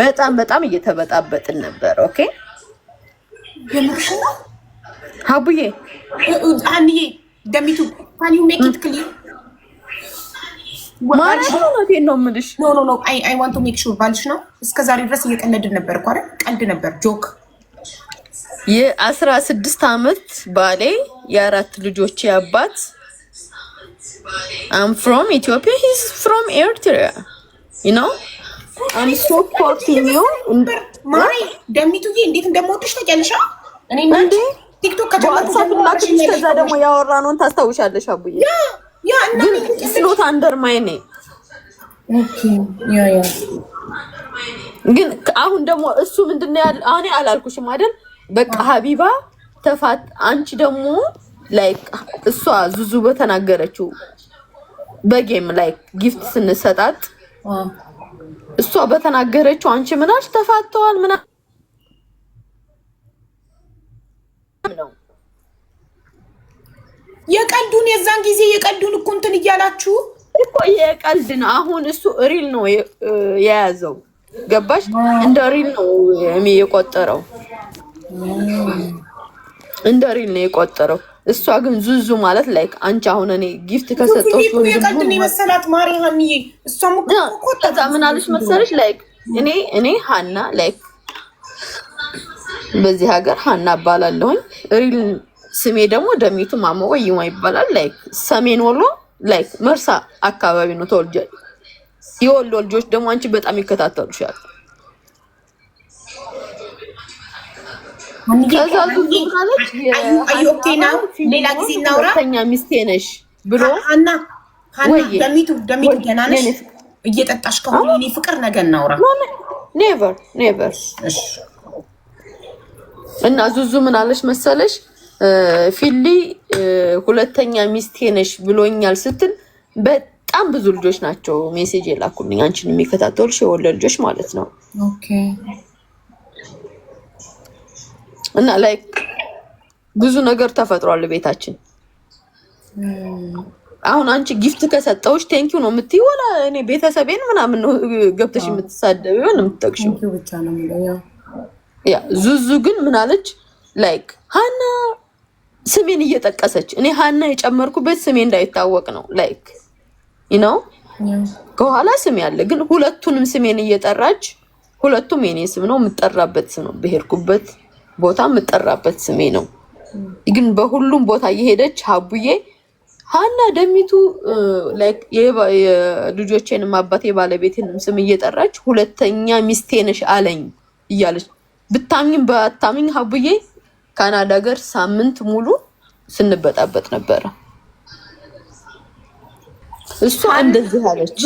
በጣም በጣም እየተበጣበጥን ነበር። ኦኬ የምርሽ ነው ሀቡዬ አንዬ ደሚቱ ካን ሜክ ኢት ክሊር ማለት ነው ሹር ባልሽ ነው። እስከ ዛሬ ድረስ እየቀለድን ነበር እኮ አይደል? ቀልድ ነበር ጆክ። የአስራ ስድስት አመት ባሌ የአራት ልጆች አባት አም ፍሮም ኢትዮጵያ ሂስ ፍሮም ኤርትራ ዩ አምስት ፎርቲ የሚሆን ደግሞ ያወራነውን ታስታውሻለሽ። አቡዬ ግን ስሎት አንደርማይ ግን አሁን ደግሞ እሱ ምንድን ያለ እኔ አላልኩሽም አይደል? በቃ ሀቢባ ተፋት። አንቺ ደግሞ ላይክ እሷ ዙዙ በተናገረችው በጌም ላይክ ጊፍት ስንሰጣት እሷ በተናገረችው አንቺ ምናሽ ተፋተዋል ምና ነው የቀልዱን የዛን ጊዜ የቀልዱን እኮ እንትን እያላችሁ እኮ የቀልድ ነው። አሁን እሱ ሪል ነው የያዘው ገባሽ? እንደ ሪል ነው የቆጠረው፣ እንደ ሪል ነው የቆጠረው። እሷ ግን ዙዙ ማለት ላይክ አንቺ አሁን እኔ ጊፍት ከሰጠሁሽ ወንድም መሰላት ማሪ ሀኒዬ እሷም ከዛ ምን አለች መሰለሽ ላይክ እኔ እኔ ሀና ላይክ በዚህ ሀገር ሀና እባላለሁኝ። ሪል ስሜ ደግሞ ደሚቱ ማሞ ወይማ ይባላል። ላይክ ሰሜን ወሎ ላይክ መርሳ አካባቢ ነው ተወልጃ። የወሎ ልጆች ደግሞ አንቺ በጣም ይከታተሉሻል። ሌላ ጊዜ እናውራ ሚስቴ ነሽ ብሎ ሀና ደሚቱ ደሚቱ ነሽ? እየጠጣሽ ከሆነ እኔ ፍቅር ነገ እናውራ። ኔቨር ኔቨር። እና ዙዙ ምን አለሽ መሰለሽ ፊሊ ሁለተኛ ሚስቴ ነሽ ብሎኛል ስትል በጣም ብዙ ልጆች ናቸው ሜሴጅ የላኩልኝ፣ አንቺን የሚከታተሉሽ የወለ ልጆች ማለት ነው። ኦኬ እና ላይክ ብዙ ነገር ተፈጥሯል ቤታችን። አሁን አንቺ ጊፍት ከሰጠውሽ ቴንኪው ነው የምትይው፣ ወላ እኔ ቤተሰቤን ምናምን ነው ገብተሽ የምትሳደብ ሆን የምትጠቅሽው። ያ ዙዙ ግን ምናለች ላይክ ሀና ስሜን እየጠቀሰች እኔ ሀና የጨመርኩበት ስሜ እንዳይታወቅ ነው ላይክ ነው። ከኋላ ስሜ አለ፣ ግን ሁለቱንም ስሜን እየጠራች ሁለቱም የኔ ስም ነው የምጠራበት ስም ነው ብሄድኩበት ቦታ የምጠራበት ስሜ ነው። ግን በሁሉም ቦታ እየሄደች ሀቡዬ ሀና ደሚቱ ልጆቼንም አባቴ ባለቤቴንም ስም እየጠራች ሁለተኛ ሚስቴ ነሽ አለኝ እያለች ብታምኝ በአታምኝ ሀቡዬ ካናዳ ሀገር ሳምንት ሙሉ ስንበጣበጥ ነበረ። እሷ እንደዚህ አለች።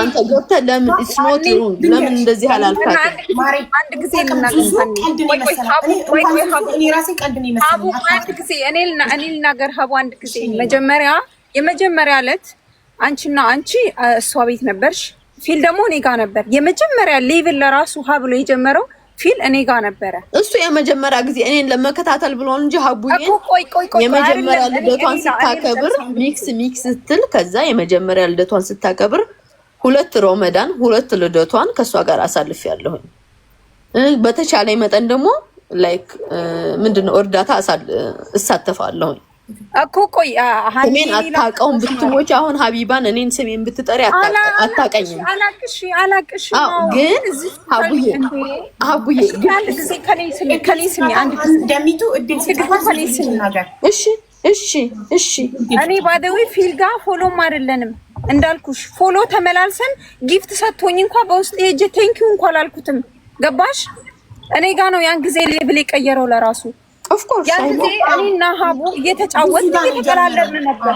አንተ ገብተህ ለምን ስኖት ለምን እንደዚህ አላልካትም? አንድ ጊዜ እኔ ልናገር ሀቡ አንድ ጊዜ መጀመሪያ የመጀመሪያ ዕለት አንቺና አንቺ እሷ ቤት ነበርሽ፣ ፊል ደግሞ እኔ ጋ ነበር። የመጀመሪያ ሌቭል ለራሱ ሀ ብሎ የጀመረው ፊል እኔ ጋር ነበረ። እሱ የመጀመሪያ ጊዜ እኔን ለመከታተል ብሎን እንጂ ሀቡ የመጀመሪያ ልደቷን ስታከብር ሚክስ ሚክስ ስትል ከዛ የመጀመሪያ ልደቷን ስታከብር ሁለት ሮመዳን ሁለት ልደቷን ከእሷ ጋር አሳልፍ ያለሁኝ በተቻለ መጠን ደግሞ ላይክ ምንድነው እርዳታ እሳተፋለሁኝ እኮ ቆይ ስሜን አታውቀውም ብትሞች አሁን ሀቢባን እኔን ስሜን ብትጠሪ አታውቀኝም። አላቅሽ ግን አቡዬ አቡዬ እንደሚቱ እድል እሺ እሺ እሺ እኔ ባደዊ ፊል ጋር ፎሎም አይደለንም እንዳልኩሽ ፎሎ ተመላልሰን ጊፍት ሰጥቶኝ እንኳ በውስጥ የእጄ ቴንኪው እንኳ አላልኩትም። ገባሽ እኔ ጋ ነው ያን ጊዜ ሌብል የቀየረው ለራሱ ኦፍኮርስ ያን ጊዜ እኔና ሀቡ እየተጫወትን እየተቀላለድን ነበር።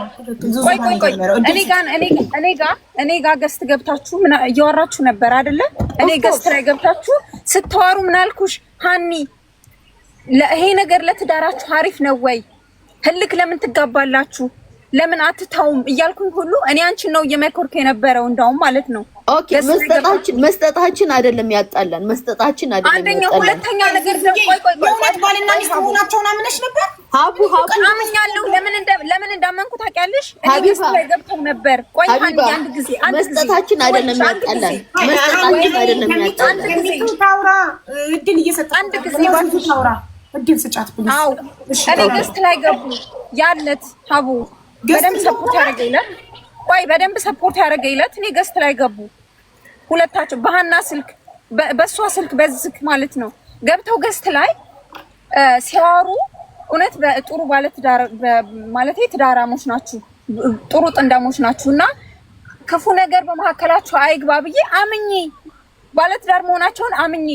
ቆይ ቆይ ቆይ እኔ ጋ እኔ ጋ እኔ ጋ ገስት ገብታችሁ እያወራችሁ ነበር አይደለ? እኔ ገስት ላይ ገብታችሁ ስታወሩ ምናልኩሽ? ሀኒ ይሄ ነገር ለትዳራችሁ አሪፍ ነው ወይ? ህልክ ለምን ትጋባላችሁ? ለምን አትተውም እያልኩኝ ሁሉ እኔ አንቺን ነው እየመከርኩ የነበረው እንዳውም ማለት ነው ኦኬ መስጠታችን መስጠታችን አይደለም ያጣላን፣ መስጠታችን አይደለም አንደኛ ሁለተኛ ነገር ደግሞ ቆይ ቆይ፣ ባልና ሚስት ነበር? ሀቡ ሀቡ አምኛለሁ። ለምን እንደ ለምን እንዳመንኩ ታውቂያለሽ? ላይ ገብተው ነበር። ቆይ አንድ አንድ ጊዜ አንድ መስጠታችን አይደለም ያጣላን፣ መስጠታችን አይደለም ያጣላን። ታውራ እድል እየሰጠ አንድ ጊዜ ባንቱ ታውራ እድል ላይ ገቡ ያለት ሀቡ ቆይ በደንብ ሰፖርት ያደረገ ይለት እኔ ገስት ላይ ገቡ ሁለታቸው በሀና ስልክ በእሷ ስልክ በዝክ ማለት ነው ገብተው ገስት ላይ ሲያወሩ እውነት በጥሩ ባለትዳር ማለት ትዳራሞች ናችሁ፣ ጥሩ ጥንዳሞች ናችሁ እና ክፉ ነገር በመካከላችሁ አይግባ ብዬ አምኜ ባለትዳር መሆናቸውን አምኜ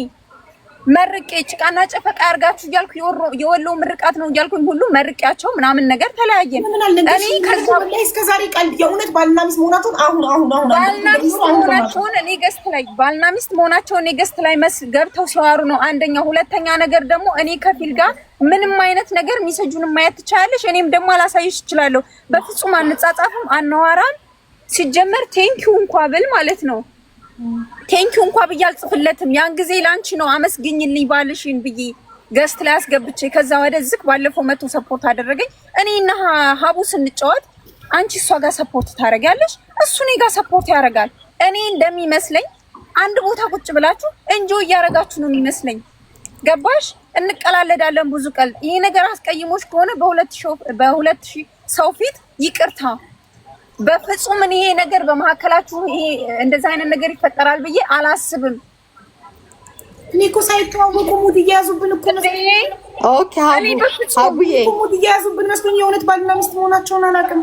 መርቄ ጭቃና ጨፈቃ አርጋችሁ እያልኩ የወሎ ምርቃት ነው እያልኩኝ ሁሉ መርቂያቸው ምናምን ነገር ተለያየን። እስከዛሬ ቀልድ የእውነት ባልና ሚስት መሆናቸውን አሁን አሁን አሁን ባልና ሚስት እኔ ገስት ላይ ባልና ሚስት መሆናቸውን እኔ ገስት ላይ መስ ገብተው ሲዋሩ ነው አንደኛ። ሁለተኛ ነገር ደግሞ እኔ ከፊል ጋር ምንም አይነት ነገር ሚሰጁን ማየት ትችላለሽ። እኔም ደግሞ አላሳይሽ እችላለሁ። በፍጹም አንጻጻፍም አናዋራም። ሲጀመር ቴንኪው እንኳ ብል ማለት ነው ቴንኪው እንኳ ብዬ አልጽፍለትም። ያን ጊዜ ላንቺ ነው አመስግኝልኝ ባልሽን ብዬ ገስት ላይ አስገብቼ ከዛ ወደ ዝቅ ባለፈው መቶ ሰፖርት አደረገኝ። እኔ እና ሀቡ ስንጫወት አንቺ እሷ ጋር ሰፖርት ታደርጊያለሽ፣ እሱ እኔ ጋር ሰፖርት ያደርጋል። እኔ እንደሚመስለኝ አንድ ቦታ ቁጭ ብላችሁ እንጆ እያደረጋችሁ ነው የሚመስለኝ። ገባሽ? እንቀላለዳለን ብዙ ቀልድ። ይሄ ነገር አስቀይሞች ከሆነ በሁለት ሺህ ሰው ፊት ይቅርታ በፍጹም እኔ ይሄ ነገር በመሀከላችሁ ይሄ እንደዛ አይነት ነገር ይፈጠራል ብዬ አላስብም። እኔ እኮ ሳይተዋወቁ ሙድ እየያዙብን እኮ ነው። ኦኬ አቡ አቡዬ ሙድ እየያዙብን መስሎኝ የእውነት ባልና ሚስት መሆናቸውን አላውቅም።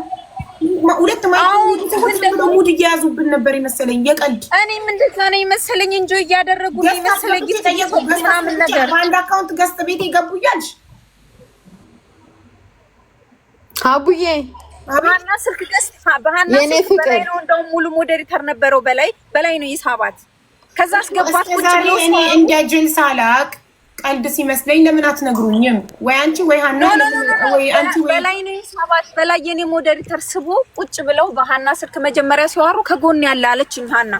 ሁለት ማለት ሙድ እየያዙብን ነበር የመሰለኝ። የቀልድ እኔም እንደዛ ነው ይመስለኝ እንጆ እያደረጉ ነው ይመስለኝ። የመሰለኝ። ምናምን ነገር በአንድ አካውንት ገዝተ ቤት የገቡ እያልሽ አቡዬ ባህና ስልክ ደስ ባህና ስልክ በላይ ነው። እንደውም ሙሉ ሞዴሬተር ነበረው በላይ በላይ ነው ይሳባት። ከዛ አስገባት ቁጭ እኔ እንደ ጅል ሳላቅ ቀልድ ሲመስለኝ ለምን አትነግሩኝም? ወይ አንቺ ወይ ሀና ወይ አንቺ ወይ በላይ ነው ይሳባት። በላይ የኔ ሞዴሬተር ስቦ ቁጭ ብለው ባህና ስልክ መጀመሪያ ሲዋሩ ከጎን ያለ አለችኝ ሀና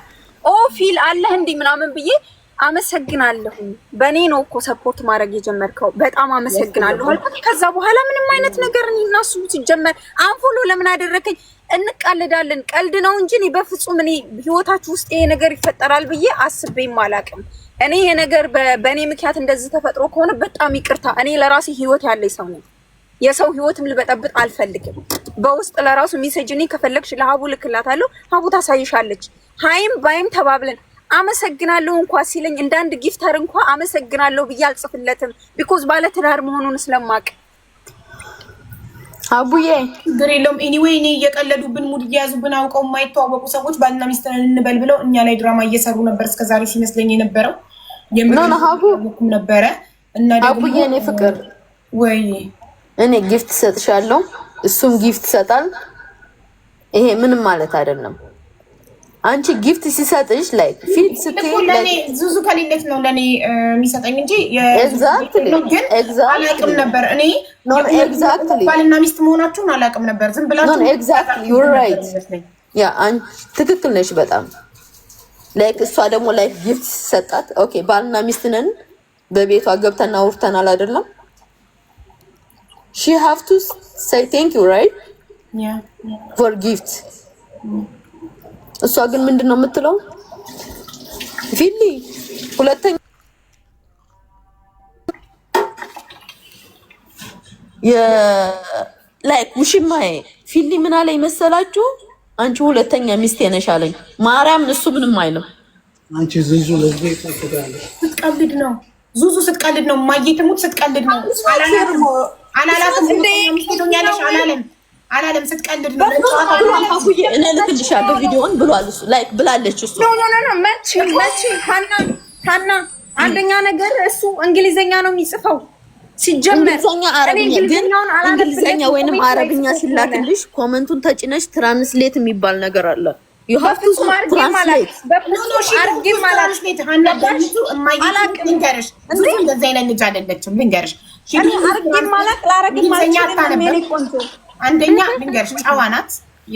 ኦ ፊል አለህ እንዲህ ምናምን ብዬ አመሰግናለሁ። በእኔ ነው እኮ ሰፖርት ማድረግ የጀመርከው። በጣም አመሰግናለሁ አልኩት። ከዛ በኋላ ምንም አይነት ነገር እናሱ ሲጀመር አንፎሎ ለምን አደረከኝ? እንቃልዳለን። ቀልድ ነው እንጂ እኔ በፍጹም እኔ ህይወታችሁ ውስጥ ይሄ ነገር ይፈጠራል ብዬ አስቤም አላቅም። እኔ ይሄ ነገር በእኔ ምክንያት እንደዚህ ተፈጥሮ ከሆነ በጣም ይቅርታ። እኔ ለራሴ ህይወት ያለኝ ሰው ነው። የሰው ህይወትም ልበጠብጥ አልፈልግም። በውስጥ ለራሱ ሜሴጅ እኔ ከፈለግሽ ለሀቡ ልክላታለሁ፣ ሀቡ ታሳይሻለች። ሀይም ባይም ተባብለን አመሰግናለሁ እንኳ ሲለኝ እንደ አንድ ጊፍተር እንኳ አመሰግናለሁ ብዬ አልጽፍለትም። ቢኮዝ ባለ መሆኑን ስለማቅ አቡዬ ችግር የለውም። ኤኒዌይ እኔ እየቀለዱብን ሙድ እየያዙብን አውቀው የማይተዋወቁ ሰዎች ባልና ሚስትን እንበል ብለው እኛ ላይ ድራማ እየሰሩ ነበር እስከዛሬ ሲመስለኝ የነበረው የምናናሀቡኩም ነበረ። እና አቡዬ እኔ ፍቅር ወይ እኔ ጊፍት ሰጥሻለሁ፣ እሱም ጊፍት ይሰጣል። ይሄ ምንም ማለት አይደለም። አንቺ ጊፍት ሲሰጥሽ ላይ ፊት ስትይ ዙዙ ከሌለት ነው ለእኔ የሚሰጠኝ እንጂ ግን አላቅም ነበር። እኔ ባልና ሚስት መሆናችሁን አላቅም ነበር። ዝም ብላችሁ ትክክል ነሽ በጣም ላይክ እሷ ደግሞ ላይክ ጊፍት ሲሰጣት ኦኬ ባልና ሚስት ነን በቤቷ ገብተን አውርተናል አይደለም ሺ ሃቭ ቱ ሴይ ቴንክ ዩ ራይት ፎር ጊፍት እሷ ግን ምንድን ነው የምትለው? ቪሊ ሁለተኛ ላይክ ውሽማዬ ፊሊ ምን አለኝ መሰላችሁ? አንቺ ሁለተኛ ሚስቴ ነሽ አለኝ። ማርያም እሱ ምንም አይልም። አንቺ ዙዙ ለዚህ ስትቀልድ ነው ዙዙ ስትቀልድ ነው ማየትሙት ስትቀልድ ነው አላላትም። እንደ ሚስቴ ሆኛለሽ አላለም አላለም። ስትቀልድ ነው እኔ ልክልሻለሁ ቪዲዮውን ብሏል እሱ ላይክ ብላለች እሱ መቼ መቼ ሀና ሀና አንደኛ ነገር እሱ እንግሊዘኛ ነው የሚጽፈው ሲጀመር እንግሊዘኛ ወይንም አረብኛ ሲላክልሽ ኮመንቱን ተጭነሽ ትራንስሌት የሚባል ነገር አለ። አላቅም ልንገርሽ አንደኛ ልንገርሽ፣ ጨዋ ናት።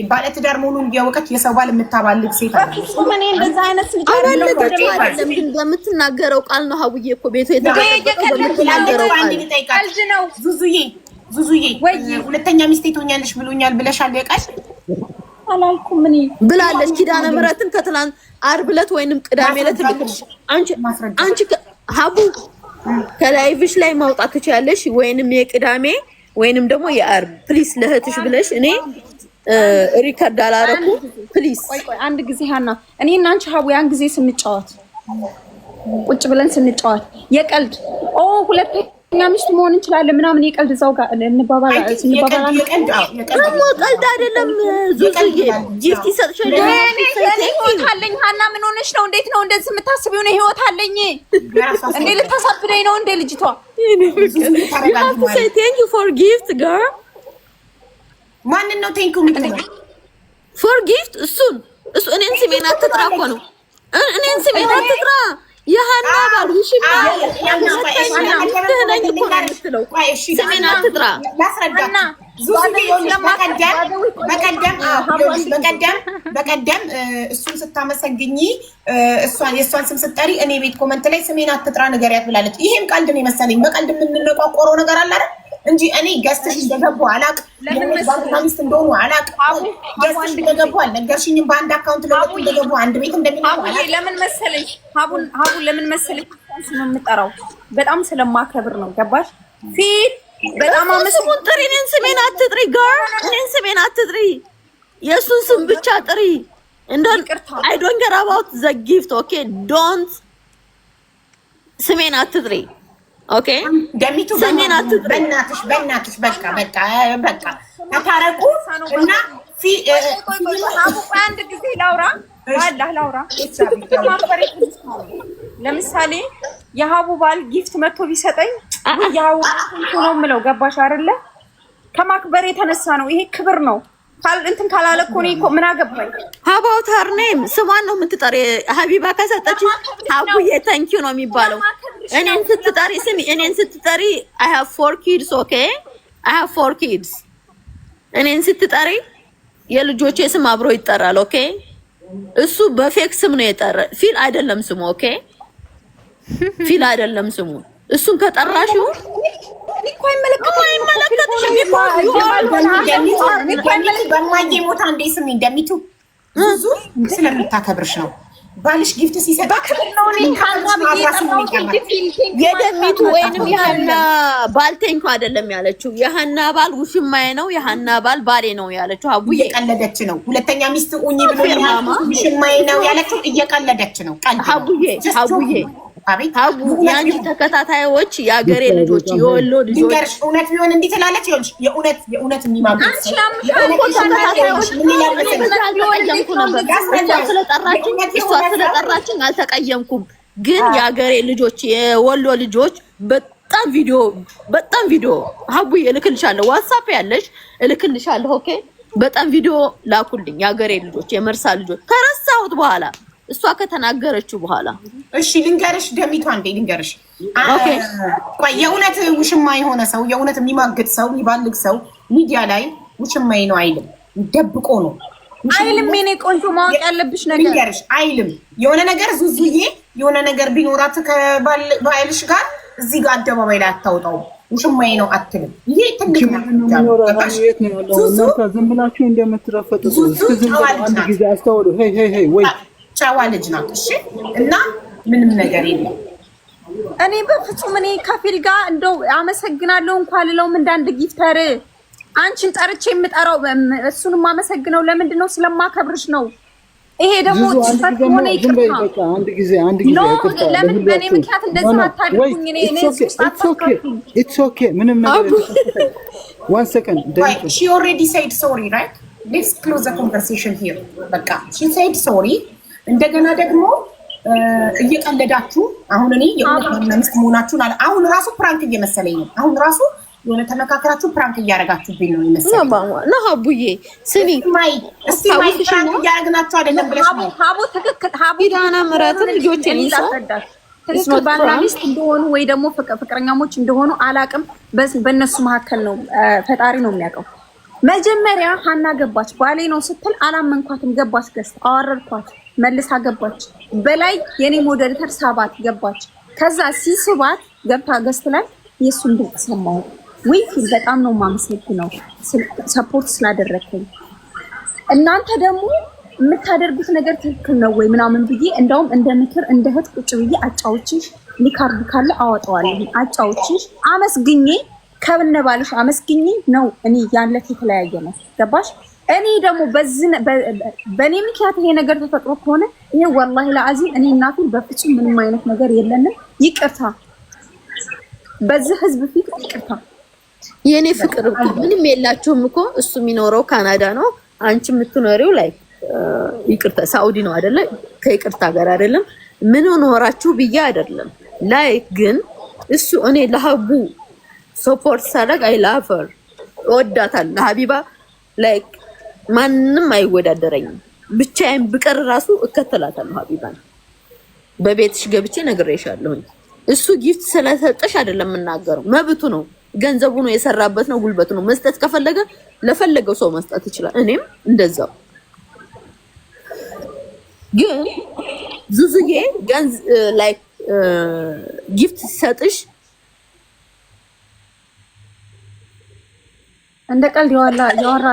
ባለትዳር መሆኑን እያወቀች የሰው ባል የምታባልግ ሴት ምን በምትናገረው ቃል ነው። ሀውዬ እኮ ቤቱ የተጠበቀው ዙዙዬ ዙዙዬ፣ ሁለተኛ ሚስቴ ትሆኛለሽ ብሎኛል ብለሻል። ቃል አላልኩም እኔ ብላለች። ኪዳነ ምሕረትን ከትላንት ዓርብ ዕለት ወይንም ቅዳሜ ዕለት አንቺ አንቺ ሀቡ ከላይቭሽ ላይ ማውጣት ትችያለሽ ወይንም የቅዳሜ ወይንም ደግሞ የአርብ ፕሊስ ለእህትሽ ብለሽ እኔ ሪከርድ አላረኩ ፕሊስ። አንድ ጊዜ ሀና እኔ እና አንቺ ሀቡ ያን ጊዜ ስንጫወት ቁጭ ብለን ስንጫወት የቀልድ ኦ ሁለተኛ ሚስት መሆን እንችላለን ምናምን የቀልድ እዛው ጋር እንባባላ ስንባባላ ደግሞ ቀልድ አይደለም። ዙዙዬ ጊፍት ይሰጥሻል። ህይወት አለኝ ሀና። ምን ሆነሽ ነው? እንዴት ነው እንደዚህ የምታስቢው? ነው ህይወት አለኝ እንዴ? ልታሳብደኝ ነው እንዴ ልጅቷ ማንን ነው ቴንክ ዩ ፎር ጊፍት እሱን እኔን ስሜን አትጥራ እኮ ነው። እኔን ስሜን አትጥራ የሀና ባል በቀደም እሱን ስታመሰግኝ የእሷን ስም ስጠሪ እኔ ቤት ኮመንት ላይ ስሜን አትጥራ ንገሪያት ብላለች። ይሄም ቀልድ ነው የመሰለኝ። በቀልድ የምንነቋቆረው ነገር አለ አይደል? እንጂ እኔ ገዝተሽ እንደገቡ አላውቅም። ባልና እንደሆኑ አላውቅም። ገዝተሽ እንደገቡ አልነገርሽኝም። በአንድ አካውንት ለመጡ እንደገቡ አንድ ቤት እንደሚኖሩ ለምን መሰለሽ ሀቡን ሀቡን ለምን መሰለሽ የምጠራው በጣም ስለማከብር ነው። ገባሽ ፊት በጣም ስሙን ጥሪ። እኔን ስሜን አትጥሪ ጋር እኔን ስሜን አትጥሪ። የእሱን ስም ብቻ ጥሪ። እንደን አይ ዶንት ኬር አባውት ዘ ጊፍት ኦኬ ዶንት ስሜን አትጥሪ። ኦኬ ገሚቱ በእናትሽ በእናትሽ በቃ በቃ በቃ ተታረቁ እና ፊ አንድ ጊዜ ላውራ ዋላህ ላውራ ለምሳሌ የሀቡ ባል ጊፍት መጥቶ ቢሰጠኝ የሀቡ ነው የምለው ገባሽ አይደለ ከማክበር የተነሳ ነው ይሄ ክብር ነው እንትን ካላለ እኮ እኔ ምን አገባኝ። ሀባውት ሀር ኔም ስሟን ነው የምትጠሪ። ሀቢባ ከሰጠች አቡዬ ተንኪው ነው የሚባለው። እኔን ስትጠሪ ስሚ፣ እኔን ስትጠሪ አይ ሀቭ ፎር ኪድስ ኦኬ፣ አይ ሀቭ ፎር ኪድስ። እኔን ስትጠሪ የልጆቼ ስም አብሮ ይጠራል። ኦኬ፣ እሱ በፌክ ስም ነው የጠረ። ፊል አይደለም ስሙ። ኦኬ፣ ፊል አይደለም ስሙ። እሱን ከጠራሽው እኮ አይመለከ ሞታ እንዴ ስሚ፣ እንደሚቱ ብዙ ስለምታከብርሽ ነው ባልሽ ጊፍት ሲሰጥ የደሚቱ ወይንም የሀና ባል ተንኩ አይደለም ያለችው። የሀና ባል ውሽማዬ ነው፣ የሀና ባል ባሌ ነው ያለችው። አቡ እየቀለደች ነው። ሁለተኛ ሚስት ቁኝ ብሎ ውሽማዬ ነው ያለችው። እየቀለደች ነው። አቡዬ አቡዬ የአንቺ ተከታታዮች የአገሬ ልጆች የወሎ ልጆች አልተቀየምኩም። ግን የአገሬ ልጆች የወሎ ልጆች በጣም ቪዲዮ በጣም ቪዲዮ ሀቡዬ እልክልሻለሁ፣ ዋትሳፕ ያለሽ እልክልሻለሁ። ኦኬ በጣም ቪዲዮ ላኩልኝ የአገሬ ልጆች የመርሳ ልጆች ከረሳሁት በኋላ እሷ ከተናገረችው በኋላ እሺ፣ ልንገርሽ ደሚቷ፣ እንዴ ልንገርሽ፣ የእውነት ውሽማ የሆነ ሰው የእውነት የሚማግጥ ሰው የሚባልግ ሰው ሚዲያ ላይ ውሽማ ነው አይልም፣ ደብቆ ነው አይልም። የእኔ ቆንጆ ማወቅ ያለብሽ ነገር ልንገርሽ፣ አይልም። የሆነ ነገር ዙዙዬ የሆነ ነገር ቢኖራት ከባልሽ ጋር እዚህ ጋር አደባባይ ላይ አታውጣውም። ውሽማዬ ነው አትልም። ይሄ ትልቅ ዝም ብላችሁ እንደምትረፈጥ ጊዜ አስተውሉ። ወይ ጨዋ ልጅ ናት። እሺ እና ምንም ነገር የለም። እኔ በፍጹም እኔ ከፊል ጋር እንደው አመሰግናለሁ እንኳ ልለውም እንዳንድ ጊፍተር አንቺን ጠርቼ የምጠራው እሱንም አመሰግነው ለምንድን ነው? ስለማከብርሽ ነው። ይሄ ደግሞ ጽፈት ሆነ ይቅርታ። ጊዜ አንድ ጊዜ ለምን በእኔ ምክንያት እንደዚህ አታድርጉኝ። ምንም ነገር ዋን ሰከንድ ሺ ኦልሬዲ ሰይድ ሶሪ ራይት ሌትስ ክሎዝ ዘ ኮንቨርሴሽን ሂር በቃ ሺ ሰይድ ሶሪ እንደገና ደግሞ እየቀለዳችሁ አሁን እኔ የሁለት መሆናችሁን አለ አሁን ራሱ ፕራንክ እየመሰለኝ ነው። አሁን ራሱ የሆነ ተመካከራችሁ ፕራንክ እያደረጋችሁብኝ ነው ይመስለኝ። ሀቡዬ ስሚ ማይ እስቲ ማይ ፕራንክ እያደረግናችሁ አይደለም ብለሽ ነው ሀቡ ትክክል። ሀቡ ዳና ምራትን ልጆችን ይዛ ባልና ሚስት እንደሆኑ ወይ ደግሞ ፍቅረኛሞች እንደሆኑ አላቅም። በእነሱ መካከል ነው ፈጣሪ ነው የሚያውቀው። መጀመሪያ ሀና ገባች ባሌ ነው ስትል አላመንኳትም። ገባች ገስ አዋረድኳት መልሳ ገባች። በላይ የኔ ሞዴሬተር ሳባት ገባች። ከዛ ሲስባት ገብታ ገስት ላይ የእሱን ድምፅ ሰማሁ። ወይ በጣም ነው ነው ሰፖርት ስላደረግከኝ። እናንተ ደግሞ የምታደርጉት ነገር ትክክል ነው ወይ ምናምን ብዬ እንደውም እንደ ምክር እንደ እህት ቁጭ ብዬ አጫዎችሽ፣ ሊካርድ ካለ አወጣዋለሁ አጫዎችሽ፣ አመስግኜ ከብነ ባልሽ አመስግኜ ነው እኔ ያለት የተለያየ ነው ገባሽ እኔ ደግሞ በእኔ ምክንያት ይሄ ነገር ተፈጥሮ ከሆነ ይሄ ወላሂ ለአዚም እኔ እናቱን በፍጹም ምንም አይነት ነገር የለንም። ይቅርታ፣ በዚህ ህዝብ ፊት ይቅርታ። የእኔ ፍቅር ምንም የላቸውም እኮ እሱ የሚኖረው ካናዳ ነው፣ አንቺ የምትኖሪው ላይ ይቅርታ ሳኡዲ ነው አይደለ? ከይቅርታ ጋር አይደለም። ምን ኖራችሁ ብዬ አይደለም። ላይ ግን እሱ እኔ ለሀቡ ሶፖርት ሳደርግ አይ ላፈር እወዳታለሁ ለሀቢባ ላይክ ማንም አይወዳደረኝም። ብቻዬን ብቀር ራሱ እከተላታለሁ። ሀቢባን በቤትሽ ገብቼ ነግሬሻለሁኝ። እሱ ጊፍት ስለሰጠሽ አይደለም የምናገረው፣ መብቱ ነው። ገንዘቡ ነው፣ የሰራበት ነው፣ ጉልበቱ ነው። መስጠት ከፈለገ ለፈለገው ሰው መስጠት ይችላል። እኔም እንደዛው። ግን ዙዙዬ ላይክ ጊፍት ሲሰጥሽ እንደ ቀልድ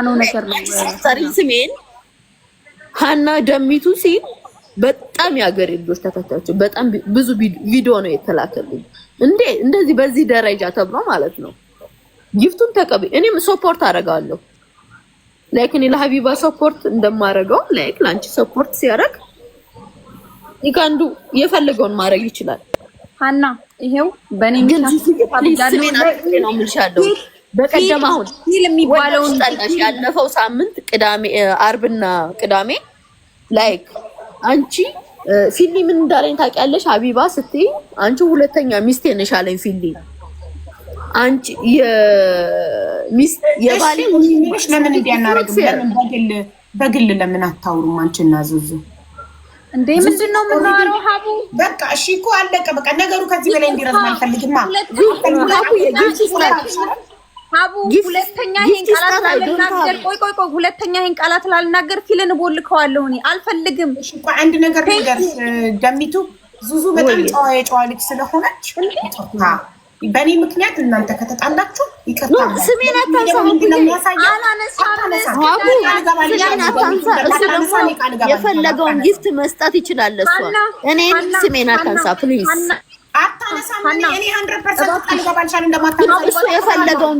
ነው ነገር ነው። ስሜን ሀና ደሚቱ ሲል በጣም የሀገሬ ልጆች ተከታዮች በጣም ብዙ ቪዲዮ ነው የተላከልኝ። እንዴ እንደዚህ በዚህ ደረጃ ተብሎ ማለት ነው። ጊፍቱን ተቀበይ። እኔም ሶፖርት አደርጋለሁ። ላይክ እኔ ለሀቢባ ሶፖርት እንደማደርገው ላይክ ለአንቺ ሶፖርት ሲያደርግ ይካንዱ የፈለገውን ማድረግ ይችላል። ሀና ይሄው በእኔ ምክንያት በቀደም አሁን ፊል የሚባለውን ጠላሽ። ያለፈው ሳምንት ቅዳሜ፣ አርብና ቅዳሜ ላይክ አንቺ ፊሊ ምን እንዳለኝ ታውቂያለሽ? ሀቢባ ስትይ አንቺ ሁለተኛ ሚስቴ ነሽ አለኝ ፊሊ። አንቺ የሚስት የባሌ ለምን እንዲያናረግም ለምን በግል በግል ለምን አታውሩም? አንቺ እና ዙዙ እንዴ ምንድን ነው የምናወራው? ሀቡ በቃ እሺ እኮ አለቀ። በቃ ነገሩ ከዚህ በላይ እንዲረዝም አልፈልግማ። አቡ ሁለተኛ ይሄን ቃላት ላልናገር፣ ቆይ ቆይ ቆይ፣ ሁለተኛ ይሄን ቃላት ላልናገር ፊልን ቦልከዋለሁ። እኔ አልፈልግም። አንድ ነገር ነገር ዙዙ በጣም ጨዋ የጨዋ ልጅ ስለሆነች በእኔ ምክንያት እናንተ ከተጣላችሁ ይቅርታ። ስሜን አታንሳ፣ የፈለገውን ጊፍት መስጠት ይችላል። እሷ ስሜን አታንሳ ፕሊዝ አታነሳም። እኔ የፈለገውን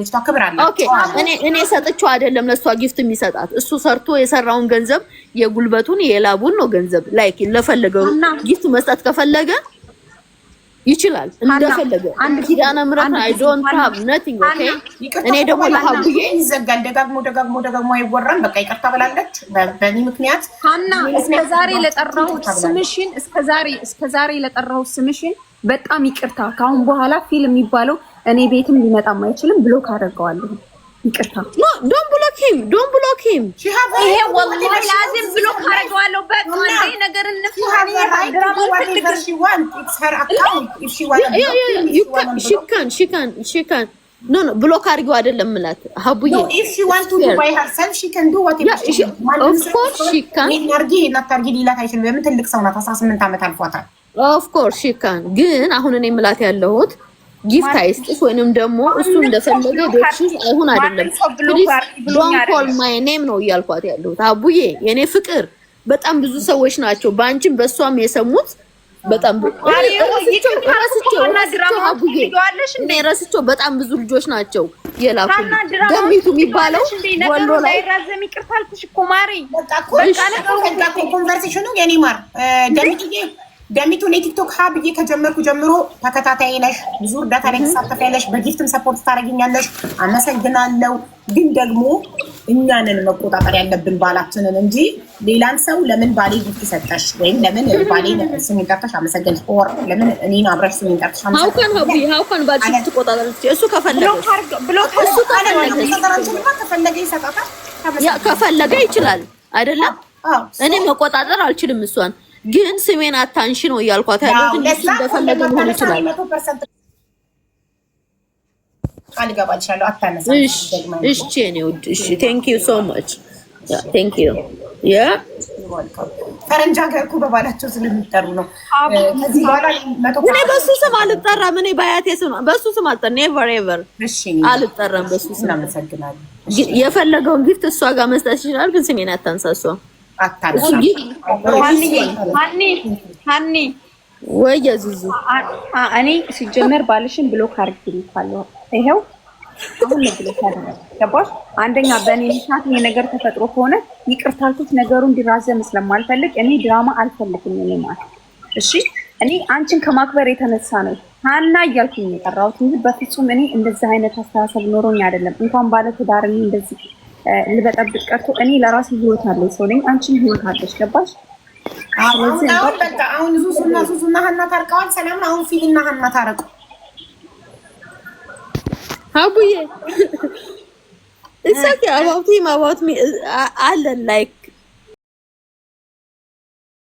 ጊፍት ሰጥቼው አይደለም ለእሷ ጊፍት የሚሰጣት እሱ ሰርቶ የሰራውን ገንዘብ የጉልበቱን የላቡን ነው ገንዘብ ለፈለገው ጊፍት መስጠት ከፈለገ ይችላል እንደፈለገ። አንድ ኪዳነ ምሕረት አይ ዶንት ሃቭ ነቲንግ ኦኬ። እኔ ደግሞ ለሀቡዬ ይዘጋል። ደጋግሞ ደጋግሞ ደጋግሞ አይወራም። በቃ ይቅርታ ብላለች በእኔ ምክንያት። ሀና እስከዛሬ ለጠራሁት ስምሽን እስከዛሬ እስከዛሬ ለጠራሁት ስምሽን በጣም ይቅርታ። ከአሁን በኋላ ፊልም የሚባለው እኔ ቤትም ሊመጣም አይችልም ብሎክ አደርገዋለሁ። ይቅርታ ዶን ብሎኪም ዶን ብሎኪም። ይሄ ወላሂ ላዚም ብሎክ አደርገዋለሁ። በቃ ነገር ሽካን ኖ ኖ ብሎክ አድርገው አይደለም የምላት ሀቡዬ ኦፍኮርስ ሽካን ግን አሁን እኔ የምላት ያለሁት ጊፍት አይስጥሽ ወይንም ደግሞ እሱ እንደፈለገ ቤትሽ አይሁን አይደለም። ዶንት ኮል ማይ ኔም ነው እያልኳት ያለሁት አቡዬ፣ የእኔ ፍቅር በጣም ብዙ ሰዎች ናቸው በአንቺም በእሷም የሰሙት በጣም ረስቸው በጣም ብዙ ልጆች ናቸው የላኩ ደሚቱ የሚባለው ወሎ ላይ ራዘም ይቅርታልኩሽ እኮ ማሪ በቃ ኮንቨርሴሽኑ የኔ ማር ደሚቱ ገሚቱን ቲክቶክ ሀ ብዬ ከጀመርኩ ጀምሮ ተከታታይ ነሽ፣ ብዙ እርዳታ ላይ ተሳተፍ ያለሽ፣ በጊፍትም ሰፖርት ታደረግኛለሽ፣ አመሰግናለው። ግን ደግሞ እኛንን መቆጣጠር ያለብን ባላችንን እንጂ ሌላን ሰው ለምን ባሌ ጊፍት ሰጠሽ ወይም ለምን ባሌ ስሜን ጠርተሽ አመሰገንሽ ኦር ለምን እኔን አብረሽ ስሜን ጠርተሽ ከፈለገ ከፈለገ ይችላል። አይደለም እኔ መቆጣጠር አልችልም እሷን ግን ስሜን አታንሺ ነው እያልኳት ያለ እነሱ እንደፈለገ መሆን ይችላል። እሺ እኔ ውድ እሺ፣ ቴንክ ዩ ሶ ማች ቴንክ ዩ ያ ፈረንጅ ሀገር እኮ በባላቸው ስለሚጠሩ ነው። እኔ በሱ ስም አልጠራም። እኔ በአያቴ ስም በሱ ስም አልጠራም። ኔቨር ኤቨር አልጠራም በሱ ስም። የፈለገውን ጊፍት እሷ ጋር መስጠት ይችላል፣ ግን ስሜን ወይ ዙዙ እኔ ሲጀመር ባልሽን ብሎክ አድርጌልሻለሁ። ይኸው አሁን ብሎክ ገባሽ? አንደኛ በእኔ ምክንያት ይሄ ነገር ተፈጥሮ ከሆነ ይቅርታ አልኩት። ነገሩ እንዲራዘም ስለማልፈልግ እኔ ድራማ አልፈልግም። እኔ ማለት እሺ፣ እኔ አንቺን ከማክበር የተነሳ ነው ሀና እያልኩኝ የጠራሁት እንጂ በፍጹም እኔ እንደዚህ አይነት አስተሳሰብ ኖሮኝ አይደለም። እንኳን ባለ እኔ እንደዚህ ልበጠብቅ ቀርቶ እኔ ለራሴ ህይወት አለኝ ሰው ነኝ። አንቺም ህይወት አለሽ። ገባሽ? አሁን በቃ አሁን ሱሱና ሱሱና ሀና ታርቀዋል። ሰላም አሁን ፊልና ሀና ታረቁ። አቡዬ እሳኪ አባውቲ ማባውት አለን ላይክ